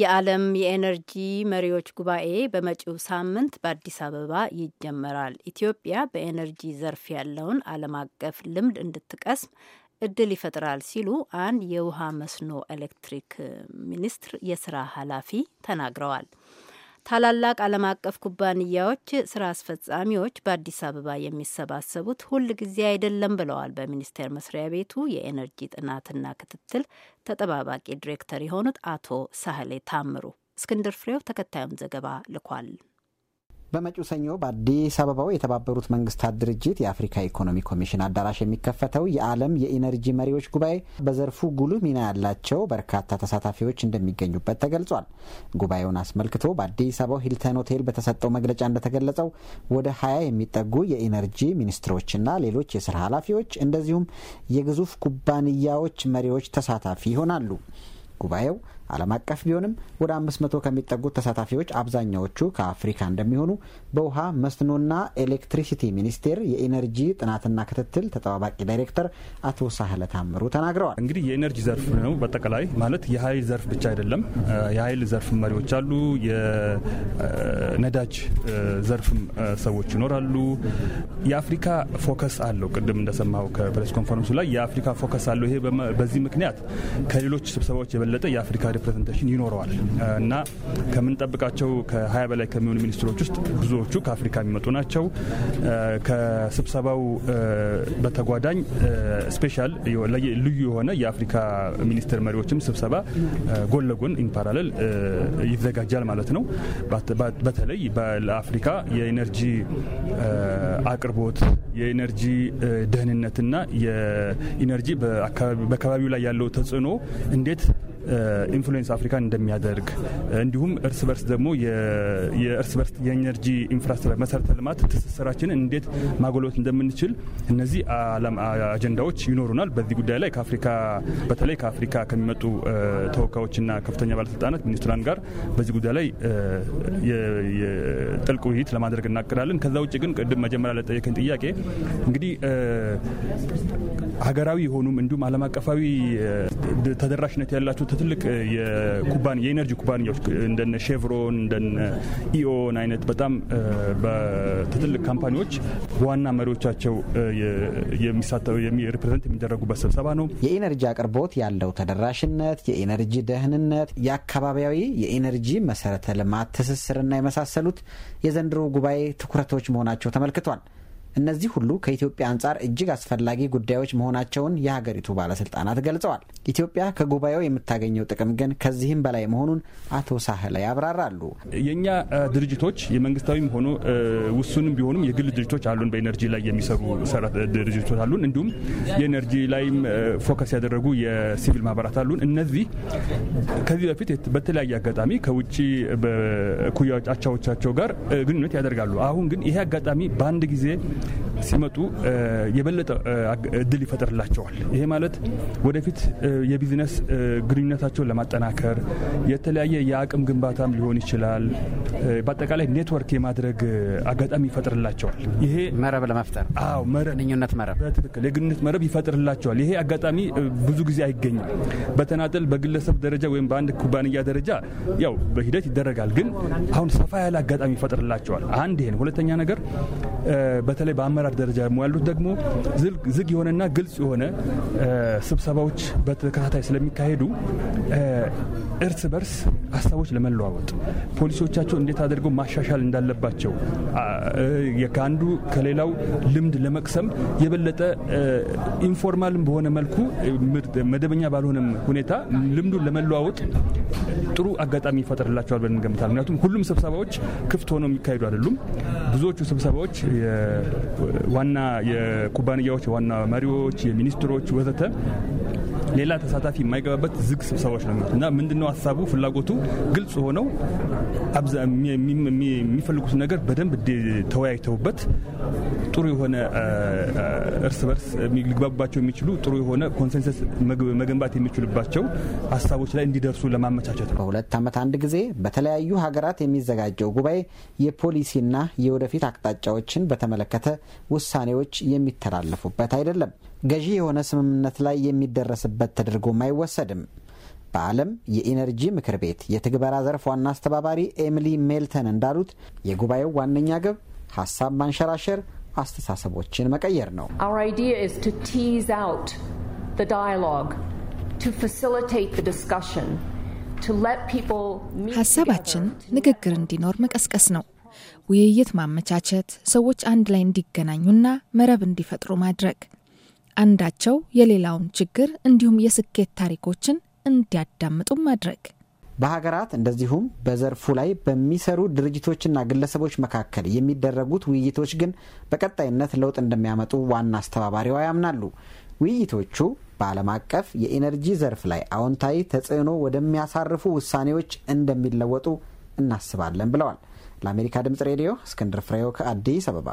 የዓለም የኤነርጂ መሪዎች ጉባኤ በመጪው ሳምንት በአዲስ አበባ ይጀመራል። ኢትዮጵያ በኤነርጂ ዘርፍ ያለውን ዓለም አቀፍ ልምድ እንድትቀስም እድል ይፈጥራል ሲሉ አንድ የውሃ መስኖ ኤሌክትሪክ ሚኒስትር የስራ ኃላፊ ተናግረዋል። ታላላቅ ዓለም አቀፍ ኩባንያዎች ስራ አስፈጻሚዎች በአዲስ አበባ የሚሰባሰቡት ሁል ጊዜ አይደለም ብለዋል በሚኒስቴር መስሪያ ቤቱ የኤነርጂ ጥናትና ክትትል ተጠባባቂ ዲሬክተር የሆኑት አቶ ሳህሌ ታምሩ። እስክንድር ፍሬው ተከታዩን ዘገባ ልኳል። በመጪው ሰኞ በአዲስ አበባው የተባበሩት መንግስታት ድርጅት የአፍሪካ ኢኮኖሚ ኮሚሽን አዳራሽ የሚከፈተው የዓለም የኢነርጂ መሪዎች ጉባኤ በዘርፉ ጉልህ ሚና ያላቸው በርካታ ተሳታፊዎች እንደሚገኙበት ተገልጿል። ጉባኤውን አስመልክቶ በአዲስ አበባው ሂልተን ሆቴል በተሰጠው መግለጫ እንደተገለጸው ወደ ሀያ የሚጠጉ የኢነርጂ ሚኒስትሮችና ሌሎች የስራ ኃላፊዎች እንደዚሁም የግዙፍ ኩባንያዎች መሪዎች ተሳታፊ ይሆናሉ ጉባኤው ዓለም አቀፍ ቢሆንም ወደ አምስት መቶ ከሚጠጉት ተሳታፊዎች አብዛኛዎቹ ከአፍሪካ እንደሚሆኑ በውሃ መስኖና ኤሌክትሪሲቲ ሚኒስቴር የኢነርጂ ጥናትና ክትትል ተጠባባቂ ዳይሬክተር አቶ ሳህለ ታምሩ ተናግረዋል። እንግዲህ የኤነርጂ ዘርፍ ነው። በጠቃላይ ማለት የኃይል ዘርፍ ብቻ አይደለም። የኃይል ዘርፍ መሪዎች አሉ። የነዳጅ ዘርፍም ሰዎች ይኖራሉ። የአፍሪካ ፎከስ አለው። ቅድም እንደሰማው ከፕሬስ ኮንፈረንሱ ላይ የአፍሪካ ፎከስ አለው። ይሄ በዚህ ምክንያት ከሌሎች ስብሰባዎች የበለጠ የአፍሪካ ሪፕሬዘንቴሽን ይኖረዋል እና ከምንጠብቃቸው ከሀያ በላይ ከሚሆኑ ሚኒስትሮች ውስጥ ብዙዎቹ ከአፍሪካ የሚመጡ ናቸው። ከስብሰባው በተጓዳኝ ስፔሻል ልዩ የሆነ የአፍሪካ ሚኒስትር መሪዎችም ስብሰባ ጎን ለጎን ኢን ፓራለል ይዘጋጃል ማለት ነው። በተለይ ለአፍሪካ የኤነርጂ አቅርቦት፣ የኤነርጂ ደህንነትና የኢነርጂ በአካባቢው ላይ ያለው ተጽዕኖ እንዴት ኢንፍሉዌንስ አፍሪካን እንደሚያደርግ እንዲሁም እርስ በርስ ደግሞ የእርስ በርስ የኤነርጂ ኢንፍራስትራክቸር መሰረተ ልማት ትስስራችንን እንዴት ማጎልበት እንደምንችል እነዚህ አጀንዳዎች ይኖሩናል። በዚህ ጉዳይ ላይ ከአፍሪካ በተለይ ከአፍሪካ ከሚመጡ ተወካዮችና ከፍተኛ ባለስልጣናት ሚኒስትራን ጋር በዚህ ጉዳይ ላይ ጥልቅ ውይይት ለማድረግ እናቅዳለን። ከዛ ውጭ ግን ቅድም መጀመሪያ ለጠየቅን ጥያቄ እንግዲህ ሀገራዊ የሆኑም እንዲሁም ዓለም አቀፋዊ ተደራሽነት ያላቸው ትልቅ የኤነርጂ ኩባንያዎች እንደነ ሼቭሮን እንደነ ኢኦን አይነት በጣም ትልቅ ካምፓኒዎች ዋና መሪዎቻቸው ሪፕዘንት የሚደረጉበት ስብሰባ ነው። የኤነርጂ አቅርቦት ያለው ተደራሽነት፣ የኤነርጂ ደህንነት፣ የአካባቢያዊ የኤነርጂ መሰረተ ልማት ትስስርና የመሳሰሉት የዘንድሮ ጉባኤ ትኩረቶች መሆናቸው ተመልክቷል። እነዚህ ሁሉ ከኢትዮጵያ አንጻር እጅግ አስፈላጊ ጉዳዮች መሆናቸውን የሀገሪቱ ባለስልጣናት ገልጸዋል። ኢትዮጵያ ከጉባኤው የምታገኘው ጥቅም ግን ከዚህም በላይ መሆኑን አቶ ሳህለ ያብራራሉ። የእኛ ድርጅቶች የመንግስታዊም ሆኖ ውሱንም ቢሆኑም የግል ድርጅቶች አሉን። በኤነርጂ ላይ የሚሰሩ ድርጅቶች አሉን። እንዲሁም የኤነርጂ ላይም ፎከስ ያደረጉ የሲቪል ማህበራት አሉን። እነዚህ ከዚህ በፊት በተለያየ አጋጣሚ ከውጭ በኩያዎች አቻዎቻቸው ጋር ግንኙነት ያደርጋሉ። አሁን ግን ይሄ አጋጣሚ በአንድ ጊዜ ሲመጡ የበለጠ እድል ይፈጥርላቸዋል። ይሄ ማለት ወደፊት የቢዝነስ ግንኙነታቸውን ለማጠናከር የተለያየ የአቅም ግንባታም ሊሆን ይችላል። በአጠቃላይ ኔትወርክ የማድረግ አጋጣሚ ይፈጥርላቸዋል። ይሄ መረብ ለመፍጠር አዎ፣ ግንኙነት መረብ በትክክል የግንኙነት መረብ ይፈጥርላቸዋል። ይሄ አጋጣሚ ብዙ ጊዜ አይገኝም። በተናጠል በግለሰብ ደረጃ ወይም በአንድ ኩባንያ ደረጃ ያው በሂደት ይደረጋል። ግን አሁን ሰፋ ያለ አጋጣሚ ይፈጥርላቸዋል። አንድ ይሄን ሁለተኛ ነገር በተለይ በአመራር ደረጃ ያሉት ደግሞ ዝግ የሆነና ግልጽ የሆነ ስብሰባዎች በተከታታይ ስለሚካሄዱ እርስ በርስ ሀሳቦች ለመለዋወጥ ፖሊሲዎቻቸው እንዴት አድርገው ማሻሻል እንዳለባቸው ከአንዱ ከሌላው ልምድ ለመቅሰም የበለጠ ኢንፎርማልም በሆነ መልኩ መደበኛ ባልሆነም ሁኔታ ልምዱን ለመለዋወጥ ጥሩ አጋጣሚ ይፈጠርላቸዋል ብለን እንገምታለን። ምክንያቱም ሁሉም ስብሰባዎች ክፍት ሆነው የሚካሄዱ አይደሉም። ብዙዎቹ ስብሰባዎች ዋና የኩባንያዎች ዋና መሪዎች፣ የሚኒስትሮች ወዘተ ሌላ ተሳታፊ የማይገባበት ዝግ ስብሰባዎች ነው እና ምንድነው ሀሳቡ ፍላጎቱ ግልጽ ሆነው የሚፈልጉት ነገር በደንብ ተወያይተውበት ጥሩ የሆነ እርስ በርስ ሊግባቡባቸው የሚችሉ ጥሩ የሆነ ኮንሰንሰስ መገንባት የሚችሉባቸው ሀሳቦች ላይ እንዲደርሱ ለማመቻቸት ነው። በሁለት ዓመት አንድ ጊዜ በተለያዩ ሀገራት የሚዘጋጀው ጉባኤ የፖሊሲና የወደፊት አቅጣጫዎችን በተመለከተ ውሳኔዎች የሚተላለፉበት አይደለም። ገዢ የሆነ ስምምነት ላይ የሚደረስበት ተደርጎም አይወሰድም። በዓለም የኢነርጂ ምክር ቤት የትግበራ ዘርፍ ዋና አስተባባሪ ኤሚሊ ሜልተን እንዳሉት የጉባኤው ዋነኛ ግብ ሀሳብ ማንሸራሸር፣ አስተሳሰቦችን መቀየር ነው። ሀሳባችን ንግግር እንዲኖር መቀስቀስ ነው። ውይይት ማመቻቸት፣ ሰዎች አንድ ላይ እንዲገናኙና መረብ እንዲፈጥሩ ማድረግ አንዳቸው የሌላውን ችግር እንዲሁም የስኬት ታሪኮችን እንዲያዳምጡ ማድረግ በሀገራት እንደዚሁም በዘርፉ ላይ በሚሰሩ ድርጅቶችና ግለሰቦች መካከል የሚደረጉት ውይይቶች ግን በቀጣይነት ለውጥ እንደሚያመጡ ዋና አስተባባሪዋ ያምናሉ። ውይይቶቹ በዓለም አቀፍ የኢነርጂ ዘርፍ ላይ አዎንታዊ ተጽዕኖ ወደሚያሳርፉ ውሳኔዎች እንደሚለወጡ እናስባለን ብለዋል። ለአሜሪካ ድምጽ ሬዲዮ እስክንድር ፍሬው ከአዲስ አበባ